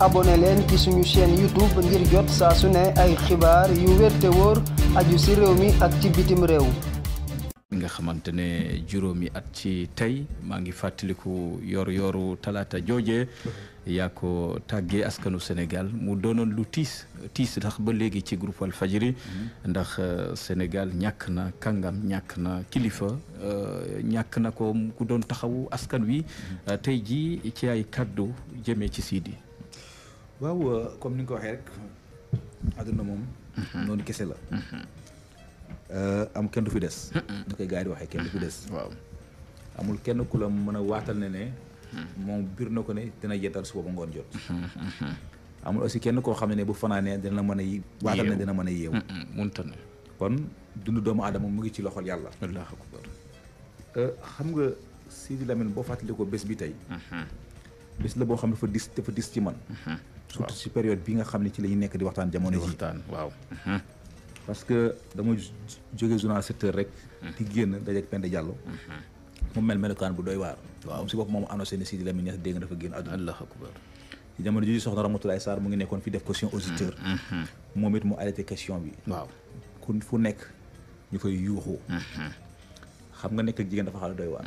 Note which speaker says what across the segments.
Speaker 1: abonné leen ci suñu chaîne YouTube ngir jot saa su ne ay xibaar yu wér te aju si réew mi ak ci bitim réew. nga xamante ne juróomi at ci tey maa ngi fàttaliku yor-yoru talaata jooje. yaa ko askanu senegal mu doonoon lu tiis tiis ndax ba léegi ci groupe Walfadjri ndax euh, senegal ñàkk na kàngam ñàkk na kilifa euh, ñàkk na ko ku doon taxawu askan wi mm-hmm. euh, tey ji ci ay kàddu jëmee ci Sidi. waaw euh, comme ni nga ko waxee rek àdduna moom. Mhm. noonu kese la. Mhm. Euh, am kenn du fi des. Mhm. ni gaa yi di waxee kenn du fi des. waaw amul kenn ku la mën a waatal na ne. moom biir na ko ne dina yetal su boobu ngoon jot. amul aussi kenn koo xam ne bu fanaanee dana mën a yi. ne dina mën a yeewu. mënta ne kon dundu doomu aadama mu ngi ci loxol yàlla. allahu akbar euh, xam nga Sidi Lamine boo fàttali ko bés bi tey. bés la boo xam ne dafa dis dafa dis ci man. surtout si période bi nga xam ne ci la ñu nekk di waxtaan jamono ji waxtaan waaw mhm. parce que dama jóge journal sept heures rek mhm. di génn dajeeg Penda Diallo mhm. mu mel melokaan bu doy waar waaw si bopp moom annoncé ne Sidi Lamine Niass dégg nga dafa génn àdduna allahu akbar ci jamono ji soxna Ramatoulaye Sarr mu ngi nekkoon fi def question auditeur moom it mu arrêté question bi waaw ku fu nekk ñu fay yuuxu xam nga nekk ak jigéen dafa xaal doy waar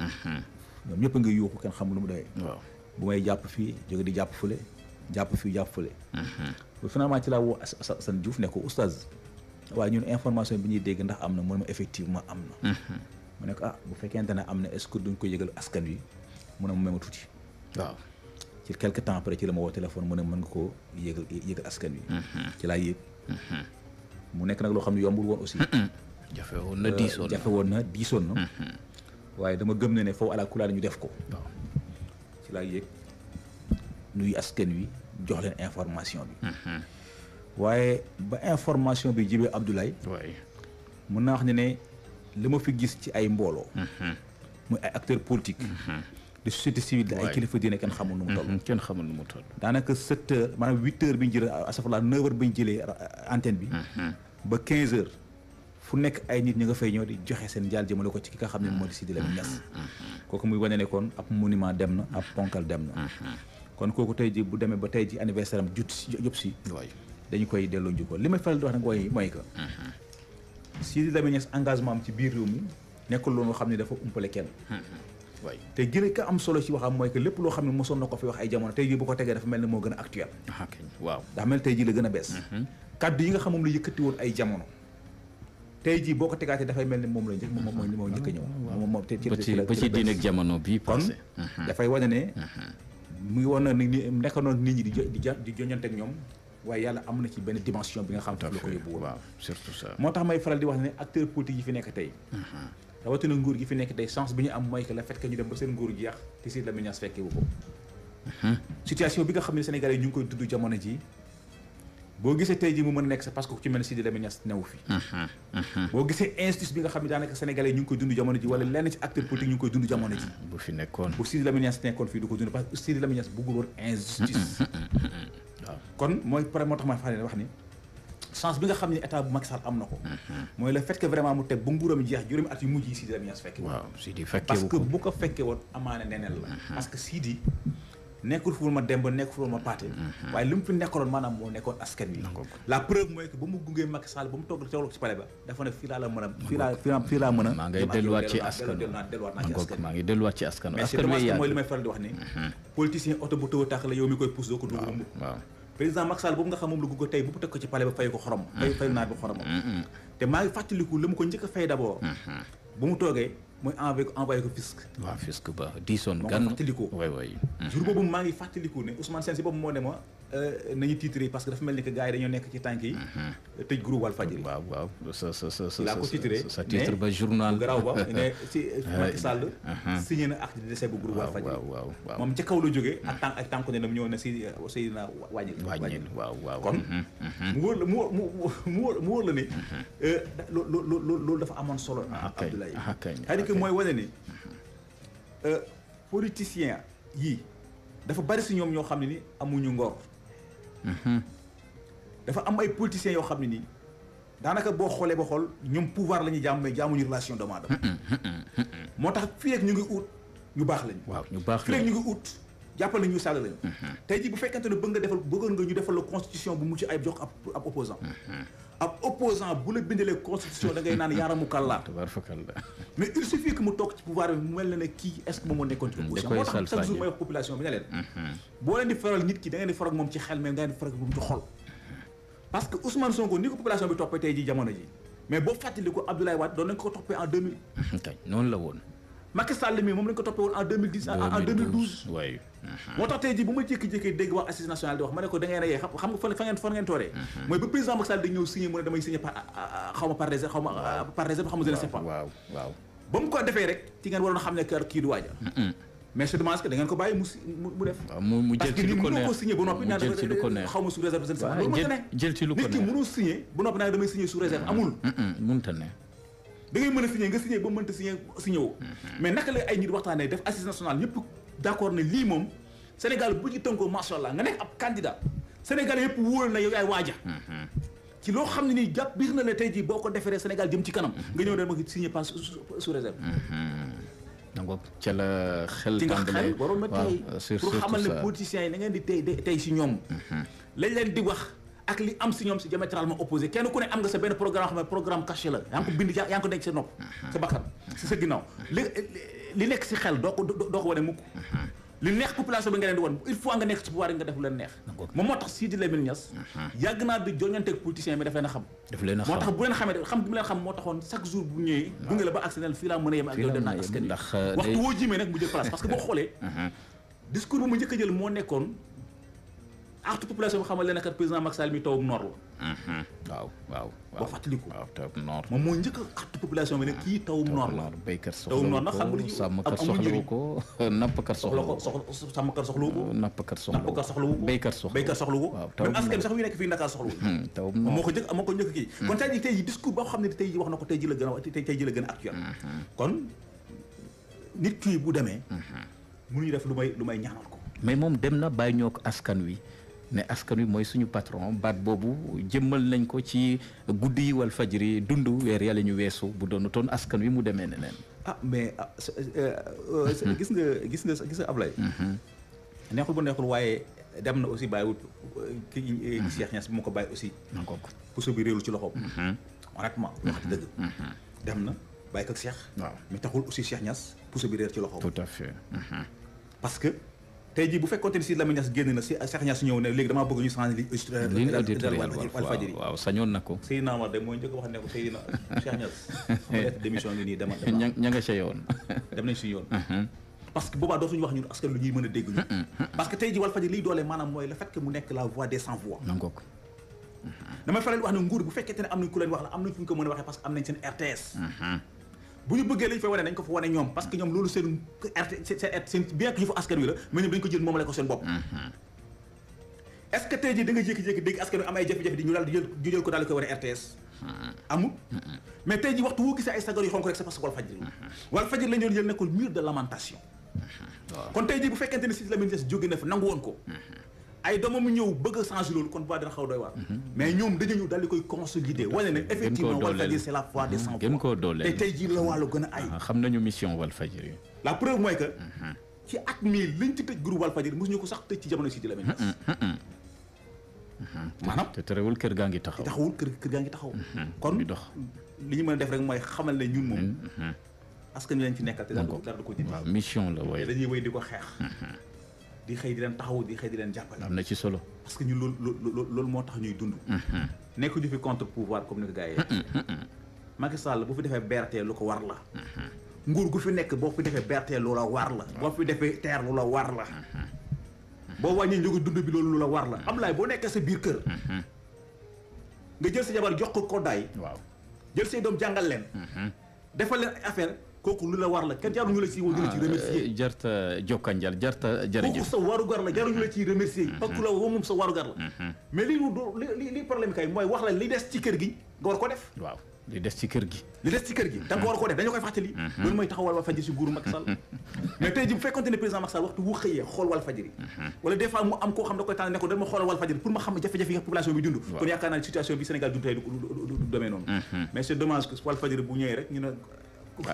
Speaker 1: ñoom ñëpp a ngi yuuxu kenn xam lu mu doy waaw bu may jàpp fii jóge di jàpp fële jàpp fi jàpp fële. Mhm. ba finalement ci laa woo Assane Diouf ne ko oustaz waaye ñun information bi ñuy dégg ndax am na mën ma effectivement am na. Mhm. mu ne ko ah bu fekkente ne am na est-ce que duñ ko yëgal askan wi mu ne ma ma tuuti. waaw ci quelque temps ci la ma woo téléphone mu ne mën nga koo yëgal yëgal askan wi. Mhm. ci laa mu nekk nag loo xam ne yombul woon aussi. Euh, jafe woon na diisoon na jafe woon na waaye dama gëm na ne foofu ala kulaa ñu def ko. waaw ci laa yëg. nuyu askan wi jox leen information bi. Mhm. waaye ba information bi jibee Abdoulaye. mun naa wax ne ne li ma fi gis ci ay mbooloo. Mhm. muy ay acteurs politiques. Mhm. de société civile de ay kilifa diine kenn xamul nu mu toll. kenn xamul nu mu toll. daanaka sept maa maanaam huit bi ñu jëlee asafala neuf heures bi ñu jëlee euh, antenne bi. ba quinze heures. fu nekk ay nit ñi nga fay ñëw di joxe seen jaal jëmale ko ci ki nga xam ne moo di Sidi Lamine Niass. kooku muy wane ne kon ab monument dem na ab ponkal dem na. kon kooku tey ji bu demee ba tey ji anniversaire am jut jub si dañu koy delloo njukkal li may faral di wax nag mooy mooy que mm-hmm. Sidi Lamine Niass engagement am ci biir réew mi nekkul xam ne dafa umpale mm-hmm. te am solo ci waxam mooy que lépp loo xam ne mosoon na ko fi wax ay jamono tey jii bu tegee dafa ne moo gën a actuel ah, waaw ndax mel la gën a mm-hmm. yi nga xam moom la yëkkati woon ay jamono tey jii boo ko tegaatee mel ne moom la njëkk moom moo njëkk a ñëw moom moom ba ci diine ak jamono bii passé kon dafay wane ne mu ngi woon na nekk noonu nit ñi di di di joñante ak ñoom waaye yàlla am na ci benn dimension bi nga xam foofu la ko yóbbu waaw moo tax may faral di wax ne acteur politique yi fi nekk tey mhm. na nguur gi fi nekk tey chance bi ñu am mooy que le fait que ñu dem ba seen nguur gi yàq te si la menace fekkee ko mhm. situation bi nga xam ne Sénégalais yi ñu ngi koy dudd jamono ji boo gisee tey jii mu mën a nekk c'est parce que ku ci mel ne Sidi Lamine Niass newu mhm, mhm. boo gisee injustice bi nga xam ne daanaka sénégalais ñu ngi koy dund jamono ji wala lenn ci acteur politique ñu ngi koy dund jamono ji bu fi nekkoon bu Sidi mhm, kon mooy problème moo tax ma di wax ni chance bi nga xam ne état bu Macky am na ko mooy le fait vraiment mu teg ba nguuram jeex juróomi at yu mujj yi Sidi Lamine woon que bu ko amaane neneen la parce que Sidi nekkul fu ma dem ba nekkul fu ma paate mhm. waaye li mu fi nekkoon maanaam a fii laa fii laa fii laa mën a moom la gunge tey bu mu teg ko ci palais ba fay ko xorom mhm. fay fay naar bi xoromam mhm. te maa ngi fàttaliku la mu ko njëkk a fay bu mu toogee mooy envoyé ko envoyé ko fisc. ba diisoon gan. ma fàttaliku waay mm. maa ngi fàttaliku ne Ousmane Sène si boobu moo ne ma euh, nañu titré parce que dafa mel ni que gars yi dañoo nekk ci tànk mm-hmm. tëj groupe Walfadjri. waaw waaw laa ko titré sa titre ba journal. garaaw ba ne si euh, euh, Macky Sall. Mm-hmm. signé na acte de décès bu groupe Walfadjri. waaw waaw moom ca kaw la jógee. ak mm. tànk ak tànk ne nam ñëw na si na wàññil. waaw waaw mm-hmm, mu wóor la mu wóor la ne. loo loolu dafa amoon solo. Ah, Abdoulaye ah, que mooy wane ni euh, politicien yii dafa bari si ñoom ñoo xam ne ni amuñu ngor. Mhm. dafa am ay politiciens yoo xam ne nii daanaka boo xoolee ba xool ñoom pouvoir la ñuy jaam mais jaamuñu relation doomu aadama. Mhm, mhm, moo tax fii rek ñu ngi ut ñu baax lañu. waaw ñu baax rek ñu ngi ut jàppal nañu ñu saaga lañu. tey jii bu fekkente ne bëgg nga defal bëggoon nga ñu defal la constitution bu mucc ay jox ab ab opposant ab opposant bu la bindalee constitution da ngay naan yaaramu kàllaa. tabaarkalla mais il suffit que mu toog ci pouvoir bi mu mel ne ne kii est ce que moom moo nekkoon ci opposition moo tax chaque jour may wax population bi ne leen. Mhm. boo faral nit ki da ngeen di moom ci xel mais da ngeen di moom ci xol. parce que Ousmane Sonko ni ko population bi toppee tey jamono ji mais boo fàttaliku Abdoulaye Wade doon nañ ko toppee en noonu la woon. Macky Sall mii moom lañ ko toppee woon en 2010. en 2012 Mhm. moo tax tey jii bu ma jékki-jékki dégg wax assise nationale di wax ma ne ko da a yee xam nga fa ngeen fa ngeen tooree mhm. mooy ba président Macky Sall dañ ñëw signé mu damay signé par mais je demande que da ngeen ko sous réserve amul mënta ne da mën a signé nga signé ba mënta signé signé mm-hmm. mais naka la ay nit waxtaanee def assise nationale ñëpp d'accord ne lii moom Sénégal bu ñu tënkoo macha allah nga nekk ab candidat Sénégal yëpp wóor na yow yaay waaja. ci loo xam ne nii jàpp biir na la tey jii boo ko deferee Sénégal jëm ci kanam. nga ñëw ne ma signé pas sous réserve. donc la xel. tàmbalee waroon na tey pour xamal ne politiciens yi na ngeen di tey tey si ñoom. lañ leen di wax ak li am si ñoom si diamétralement opposé kenn ku ne am nga sa benn programme xam ne programme caché la yaa ngi ko bind yaa ngi ko denc sa nopp. sa bakkan si sa ginnaaw léegi. li nekk si xel doo ko doo ko wane mukk uh-huh. li neex population bi nga leen di wan il faut nga nekk ci pouvoir yi nga def leen neex moom moo tax Sidi Lamine Niass uh-huh. yàgg naa di joñante ak politicien bi daf leen a xam moo tax bu leen xamee xam xam moo taxoon chaque jour bu ñëwee gunge la ba accès fii laa mën a yem ak yow dem naa askan euh, waxtu woo jimee nag mu jël place parce que boo xoolee uh-huh. discours bu mu njëkk jël moo nekkoon artu population bi xamal leen waaw waaw boo fàttaliku moom moo njëkk a xatt population bi ne kii tawum noor la béykat soxla tawum noor nag xam nga lu ci sàmmkat soxlawu ko nappkat soxla ko soxla sàmmkat soxlawu ko uh, nappkat soxla nappkat soxlawu ko béykat soxla béykat soxla ko même askan sax wi nekk fii Ndakaar soxlawu tawum hmm, noor moo ko njëkk moo ko njëkk kii hmm. kon tey jii tey jii discours boo xam ne tey jii wax na ko tey jii la gën a tey jii la gën a actuel hmm, kon nit kii bu demee mënuñu def lu may lu may ñaanal ko mais moom dem na bàyyi ñoo ko askan wi ne askan wi mooy suñu patron baat boobu jëmmal nañ ko ci guddi yi wal Walfadjri dund weer yàlla ñu weesu bu doonu toon askan wi mu demee ne neen ah mais ah, euh, euh, gis nga gis nga gis nga Ablaye mhm. neexul bu neexul waaye dem na aussi bàyyiwut ki mhm. Cheikh Niass bi mu ko bàyyi aussi puso bi réewlu ci loxoom mhm. honnêtement waxati dëgg dem na bàyyi ko ak Cheikh waaw mais taxul aussi Cheikh Niass puso bi réer ci loxo tout parce que tey jii bu fekkoonte ni si Lamine Niass génn na si Cheikh Niass ñëw ne léegi damaa bëgg ñu changer li Walfadjri waaw sañoon na ko Seydina Omar mooy njëkk wax ne ko Seydina Cheikh Niass sama def dem nañ suñu yoon uh-huh. parce que boobaa dootuñu wax ñun askan lu ñuy mën a dégg ñu uh-uh, uh-uh. parce que tey ji Walfadjri liy doolee maanaam mooy le fait mu nekk la voix des sans voix damay faral di wax nguur bu fekkente ne am nañ ku leen wax la am nañ fu ñu ko mën a waxee parce que am nañ seen RTS uh-huh. bu ñu bëggee lañ fay wane nañ ko fa wane ñoom parce que ñoom loolu seen seen seen bien que ñu wi la mais ñoom dañ ko jël moom la ko seen bopp mm-hmm. est tey jii da nga jékki-jékki dégg askan wi am ay jafe-jafe di ñu daal di jël ko daal di koy wane RTS mm-hmm. amul mm-hmm. mais tey jii waxtu woo gisee ay sagar yu xonk rek c'est parce que Walf Fadjri Walf Fadjri lañ doon jël ne ko de lamentation kon tey jii bu fekkente ne Sidy Lamine Niasse jóge nangu woon ko ay doomam ñëw bëgg a changer loolu kon voix xaw doy waar. Mhm. mais ñoom dañu ñëw daal la voix des sans voix te xam nañu mission Walfadjri. la preuve mooy que. Mhm. ci at mii liñ ci tëj groupe Walfadjri mosuñu ko sax tëj ci jamono si di la mel. Mhm, maanaam te terewul kër gaa ngi taxaw. taxawul kër kër gaa ngi taxaw. kon li ñu mën def rek mooy xamal ne ñun moom. askan wi lañ fi nekkal te dara du ko dindi. waaw mission la waaye dañuy wéy di xeex di xëy di leen taxaw di xëy di leen jàppale. am na ci solo. parce que ñun loolu loolu loolu moo tax ñuy dund. Mm-hmm. nekk ñu fi contre pouvoir comme ni ko gaa yi. Mm-hmm, mm-hmm. Macky Sall bu fi defee BRT lu ko war la. nguur gu fi nekk boo fi defee BRT lu la war la. boo fi defee teer lu la war la. boo wàññi njëgu dund bi loolu la war la. am Ablaye boo nekkee sa biir kër. nga jël si jabar jox ko koddaay. waaw jël say doom jàngal leen. defal leen affaire. kooku lu la war la kenn jaruñu la ci woo di la ci ah, remercier euh, jarta jokkanjal jarta jërëjëf kooku sa warugar la jaruñu la ciy remercier yi mhm. la woo moom sa warugar la mhm. mais li li li problème kay mooy wax la li des ci kër gi nga war ko def waaw li des ci kër gi li des ci kër gi da nga war ko def dañu koy fàttali mhm. loolu mooy taxawal Walfadjri si nguuru Macky mais tey ji bu fekkonte ne président waxtu wu xëyee xool Walfadjri wala des fois mu am koo xam da koy tànn ne ko dama xoolal Walfadjri pour ma xam jafe-jafe yi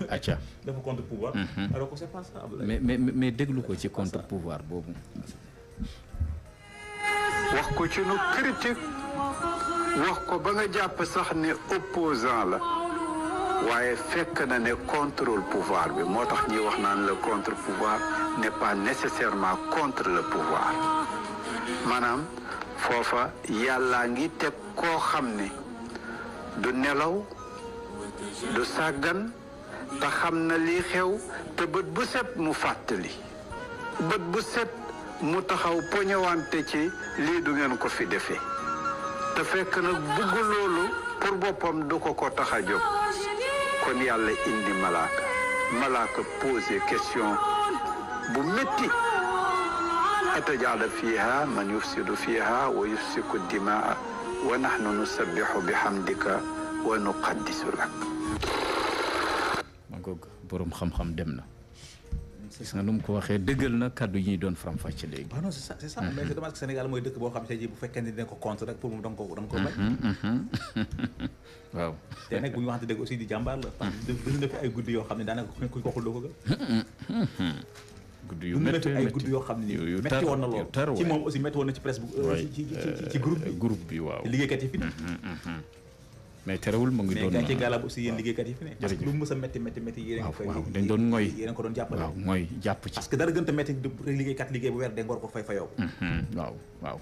Speaker 1: acca dafa contre pouvoir. Mhm. alors que c'est pas ça. mais mais déglu ko ci contre pouvoir boobu. wax ko ci nu critique wax ko ba nga jàpp sax ni opposant la waaye fekk na ne contrôle pouvoir bi moo tax ñuy wax naan la contre pouvoir n'est pas nécessairement contre le pouvoir maanaam foofa yàlla ngi teg koo xam ne du nelaw du sàggan te xam na lii xew te bët bu set mu fàttali bët bu set mu taxaw poñewante ci lii du ngeen ko fi defe te fekk nag bëgg loolu pour boppam du ko ko taxa a jóg kon yàlla indi malaaka malaaka posé question bu métti atajaala fiiha man yufsidu fiiha wa yufsiku dimaa wa nahnu nusabbihu bihamdika wa nuqaddisu lak ngoog borom xam-xam dem na. gis nga nu mu ko waxee dëggal na kàddu yi ñuy doon faram-fàcce léegi. Ah non c'est ça c'est ça mm-hmm. mais c'est dommage que mooy dëkk boo xam ne bu fekkee da nga ko da nga ko bañ. Mm-hmm. waaw. te bu ñu waxante dëgg aussi di jàmbaar la. parce que dund na fi ay guddi yoo xam ne daanaka ku ne kuñ ko doo ko mm-hmm. guddi yu métti ay guddi yoo xam ne nii métti woon na lool ci moom aussi métti woon na ci presse bu. ci bi waaw liggéeykat yi fi. mais terewul mu ngi doon mais gàcce gàllaab aussi yéen liggéeykat yi fi ko doon jàpp ci parce bu weer de ngor ko fay fayoo mhm, mhm.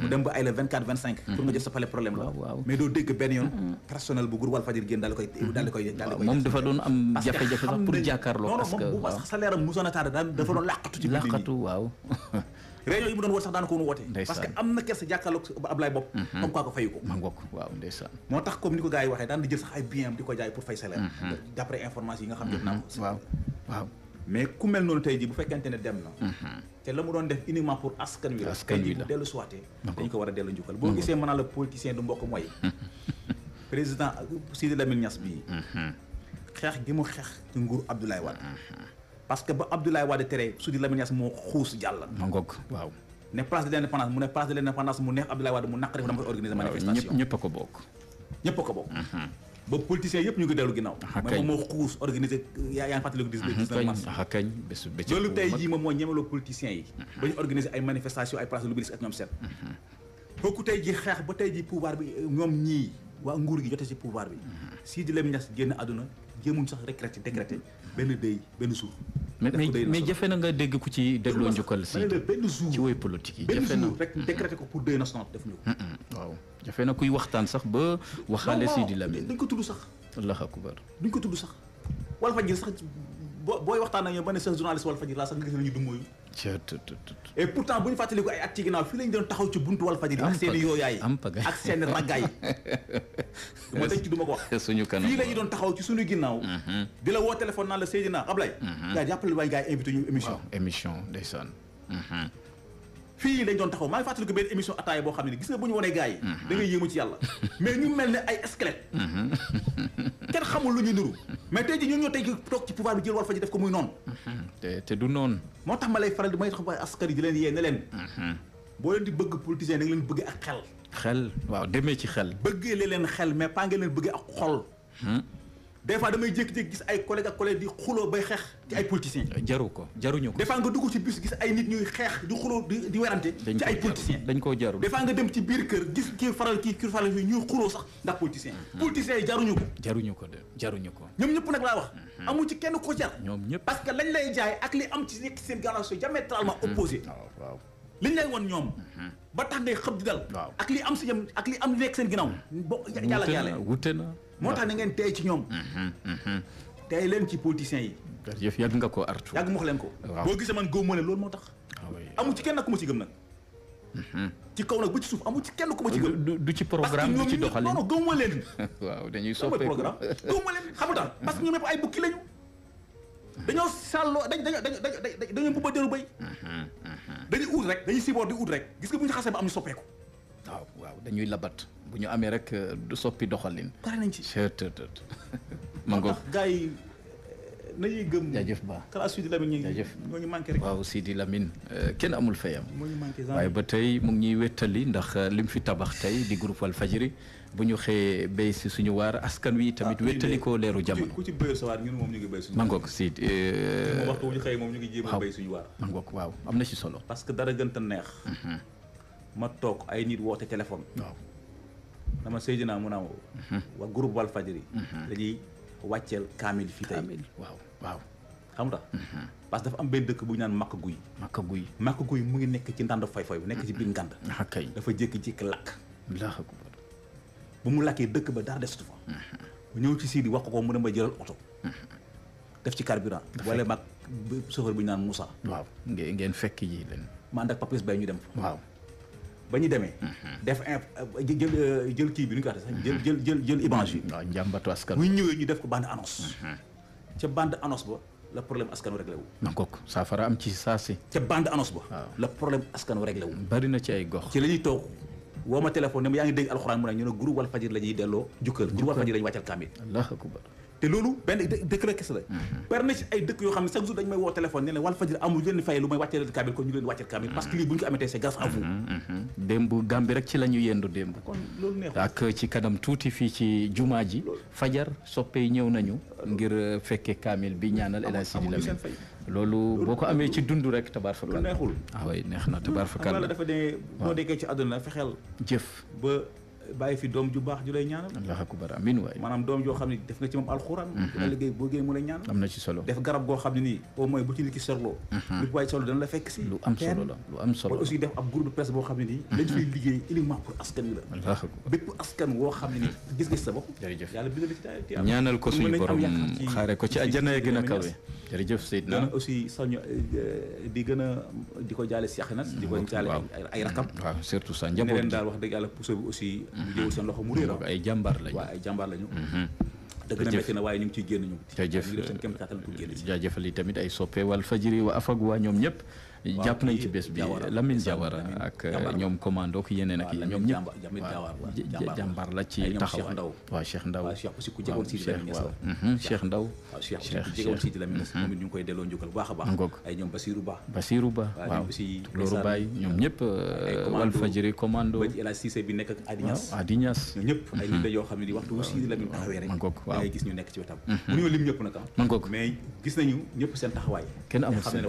Speaker 1: mu dem ba ay la 24 25 pour nga jot sa pale problème la mais doo dégg benn yoon mhm. personnel bu groupe Walfadjri génn daal koy daal koy daal moom dafa doon am jafe-jafe sax pour jàkkaarloo parce moom bu doon làqatu ci làqatu waaw réunion yi mu doon woote sax daana ko woon woote parce que am na kersa jàkkaarloog Ablaye Bopp mhm. comme quoi ko fayu ko ma ngokk waaw ndeysaan moo tax comme ni ko gars yi waxee daan jël sax ay bien am di ko jaay pour fay salaire mhm. d' information yi nga xam jot naa ko mhm. waaw waaw mais tey ji bu fekkente ne dem na te la mu doon def uniquement pour askan wi la askan wi la dellu suwaatee dañu ko war a dellu njukkal boo gisee mën naa la politicien du mbokk mooy président Sidi Lamine Niass bii xeex gi mu xeex ci nguur Abdoulaye Wade parce que ba Abdoulaye Wade tere su di Lamine Niass moo xuus jàll. ma ngoog ne place de l' indépendance mu ne place de l' indépendance mu neex Abdoulaye Wade mu naqari fa dama koy organiser manifestation a ko bokk. ñëpp a ko mhm. ba politiciens yëpp ñu moom moo xuus organiser yaa tey jii moom moo ñemeloo politiciens yi. Mhm. ba ñu organiser ay manifestation ay place de l'Obélisque ak ñoom seen. Mhm. kooku tey jii xeex ba tey jii pouvoir bi ñoom ñii waa nguur gi jotee ci pouvoir bi. Sidi Lamine Niass génn àdduna jéemuñ sax décrété décrété benn day benn jour. mais mais jafe na nga dégg ku ci delloo njukkal si benn ci woy politique yi jafe na kuy waxtaan sax ba waxaale Sidi di dañ ko tudd sax allahu akbar duñ ko tudd sax wala faj sax boo booy waxtaan ak ñoom ba ne seen journaliste Walf Fadjri laa sax nga gis nañu du mooyu et pourtant bu ñu fàttaliku ay at ci ginnaaw fii lañ doon taxaw ci buntu Walf Fadjri ak ak seen raggaay ma denc du ma ko wax suñu kanam fii lañu doon taxaw ci suñu ginnaaw mm-hmm. di la woo téléphone naan la Seydina Ablaye mm-hmm. gaa jàppale waay gaa invité ñu émission émission ndeysaan mm-hmm. fii lañ doon taxaw maa ngi fàttaliku benn émission ataaya boo xam ne gis nga bu ñu wonee gars yi. Mm-hmm. da yéemu ci yàlla. mais ñu mel ne ay squelette. Mm-hmm. kenn xamul lu ñu nuru. mais tey jii ñun ñoo tey jii toog ci pouvoir bi jël Walfadjri def ko muy noonu. Mm-hmm. te du noon moo tax ma lay faral di may taxaw askan yi di leen yee ne boo leen di bëgg politicien da nga leen bëgg ak xel. xel waaw demee ci xel. bëggee leen xel mais pas nga leen bëgg ak xol. Hmm? des fois damay jékki-jékki gis ay collègues ak collègues di xuloo bay xeex ci ay politiciens. Eh, jaru ko jaruñu ko. des fois nga dugg ci bus gis ay nit ñuy xeex di xuloo di di werante. ci ay politiciens dañ koo jaru des fois nga dem ci biir kër gis kii faral kii kii faral ñuy xuloo sax ndax politiciens. Mm-hmm. politiciens yi jaruñu ko. jaruñu ko ko. ñoom ñëpp nag laa wax. Mm-hmm. amul ci kenn ko jar. ñoom ñëpp parce que lañ lay jaay ak li am ci nekk seen gàllankoor c'est diamétralement mm-hmm. opposé. Oh, waaw waaw. liñ lay woon ñoom. ba tax ngay xëb di ak li am si yem ak li am nekk seen ginnaaw. bo yàlla yàlla wute na moo tax na ngeen tey ci ñoom. Mhm, mhm. tey leen ci politiciens yi. jërëjëf yàgg nga ko artu. yàgg mu wax leen ko. boo gisee man góob ma ne loolu moo tax. Ah amu ci kenn nag ku ma ci gëm nag. Mhm. ci kaw nag ba ci suuf amu ci kenn ku ci gëm. du ci programme du ci doxalin parce que ñoom non non gëmuma leen. waaw dañuy soppeeku programme gëmuma leen xam nga parce que ñoom ñëpp ay bukki lañu. dañoo sàlloo dañ dañoo dañoo dañoo bu ba dëru bay. dañuy ut rek dañuy siboor di ut rek gis nga bu ñu xasee ba am ñu soppeeku. waaw waaw dañuy labat. bu ñu amee rek euh, du soppi doxalin. pare nañ ci tët tët ma gars yi euh, nañuy gëm. jaajëf ba xalaat Sidi Lamine jaajëf moo ñu manqué rek. waaw Sidi Lamine euh, kenn amul fayam. moo ñu manqué waaye ba tey mu ngi ñuy wéttali ndax li mu fi tabax tey di groupe fajiri bu ñu xëyee béy si suñu waar askan wi tamit ah, wéttali ko leeru jamono. ku ci béy sa waar ñun moom ñu ngi béy suñu. ma ngoog Sidi. moom waxtu wu moom ñu ngi jéem a béy suñu waar. ma waaw am na ci solo. parce que dara gën ta neex. Mhm. ma toog ay nit woote téléphone. waaw dama Seydina mun a mhm. wa groupe Walfadjri mhm. dañuy wàcceel kaamil fii tey waaw waaw xam nga mhm. parce que dafa am benn dëkk bu ñu naan makk guy makk guy makk guy mu ngi nekk ci ndand fay fay bu nekk ci biir ngand kay dafa jékki-jékki lakk allahu akbar mu lakkee dëkk ba dara desatu fa bu ñëw ci Sidi wax ko mu dem ba jëlal oto def ci carburant wala mag chauffeur bu ñu naan Moussa waaw ngeen fekk yi leen ma ànd ak papis bay ñu dem fa ba ñu demee. def euh, jël euh, jël kii bi nu ñu ko waxee sax. jël mhm. jël jël jël image yi. waaw njàmbatu askan wi ñu ñëwee ñu def ko bande annonce. Mhm. ca bande annonce ba la problème askanu réglé wu. na kooku saafara am ci saa si. ca bande annonce ba. la problème askanu réglé wu. bari na ci ay gox. ci la ñuy toog woo ma téléphone ne ma yaa ngi dégg alxuraan mu ne ñu ne groupe Walfadjri la ñuy delloo. jukkal groupe Walfadjri la ñuy wàccal kaamil. allahu akbar te loolu benn décret kes la mm-hmm. bari na ci ay dëkk yoo xam ne chaque jour dañ may woo téléphone ne leen wal fajir amul leen fay lu may wàccee kaamil kon ñu leen wàcceel kaamil parce que lii bu ñu ko amatee c'est grâce à vous mm-hmm, mm-hmm. démb Gàmbi rek ci la ñu yendu démb kon loolu neexul ak ci kanam tuuti fii ci jumaa ji fajar soppe ñëw nañu ngir euh, fekkee kaamil bi ñaanal El Hadj Sidi Lamine loolu boo ko amee ci dund rek tabaar fakal neexul ah way neex na tabaar fakal la dafa ne boo nekkee ci àdduna fexeel jëf ba bàyyi fi doom ju baax ju lay ñaanal. allah akubar amiin waay. maanaam doom ne def nga ci moom alxuraan. Mhm. dina liggéey boo géey mu lay goo xam ne nii au moins bu ci nit ki soxloo. Mhm. nit waay soxla dana la fekk si. lu am solo la lu am solo la aussi def ab xam ne nii. Mhm. dañ fiy liggéey uniquement pour askan wi la. allah akubar bépp askan woo xam ne ko suñu borom xaare ko ci àjjana ya gën a kawe. jërëjëf Seydina dana aussi sañu eh, eh, di gën a di ko jaale si axanas di ko jaale ay rakam waaw surtout sa njaboot ne leen daal wax dëgg yàlla puso bi aussi liggéeyul seen loxo mu réer ay jàmbaar lañu waaw ay jàmbaar lañu mhm. dëgg na métti waaye ñu ngi ciy génn ñu ngi def seen kéem kattan pour génn ci yi tamit ay soppe Walfadjri wa afag waa ñoom ñëpp jàpp nañ ci bés bi Lamine Diawara ak ñoom commando ak yeneen ak yi ñoom ñëpp waaw jàmbaar la ci taxawaay waaw Cheikh Ndaw waaw Cheikh mhm, waaw Cheikh Ndaw Cheikh Cheikh moom it ñu ngi koy delloo njukkal bu baax a baax ngoog ay ñoom Basirou Ba Basirou Ba waaw Looru Baye ñoom ñëpp euh, Walfadjri commando ba ci El Hadj Cissé bi nekk ak Adi Niass Adi Niass ñoom ñëpp ay mhm. nit la yoo xam ne di waxtu wu Sidi mhm. ah. gis nañu ñëpp seen taxawaay kenn amul seen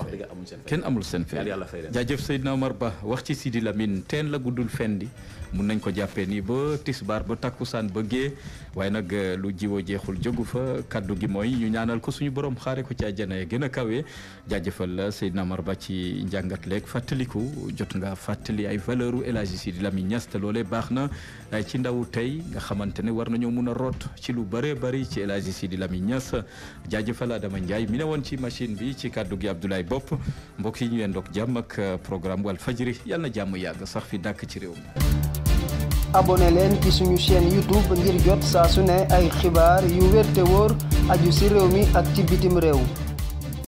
Speaker 1: kenn amul seen yàlla fay leen jaajëf Seydina Omar Ba wax ci Sidi Lamine teen la guddul fendi mun nañ ko jàppee nii ba tisbaar ba takkusaan ba gée waaye nag eh, lu jiwoo jeexul jógu fa kaddu gi mooy ñu ñaanal ko suñu borom xaare ko ci àjjana ya gën a kawe jaajëfal Seydina Omar Ba ci njàngat leeg fàttaliku jot nga fàttali ay valeuru El Hadji Sidi Lamine te loole baax na ci ndaw tey nga xamante ne war nañoo mun a root ci lu bëree bari ci El Hadji Sidi Lamine Niass Adama Ndiaye mi ne woon ci machine bi ci kaddu gi Abdoulaye Bopp mbokk yendoog jàmm ak euh, programme Walfadjri yal na jàmm yàgg sax fi dàkk ci réew mi abonné leen ci suñu chaîne youtube ngir jot saa su ne ay xibaar yu wér te wóor aju si réew mi ak ci bitim réew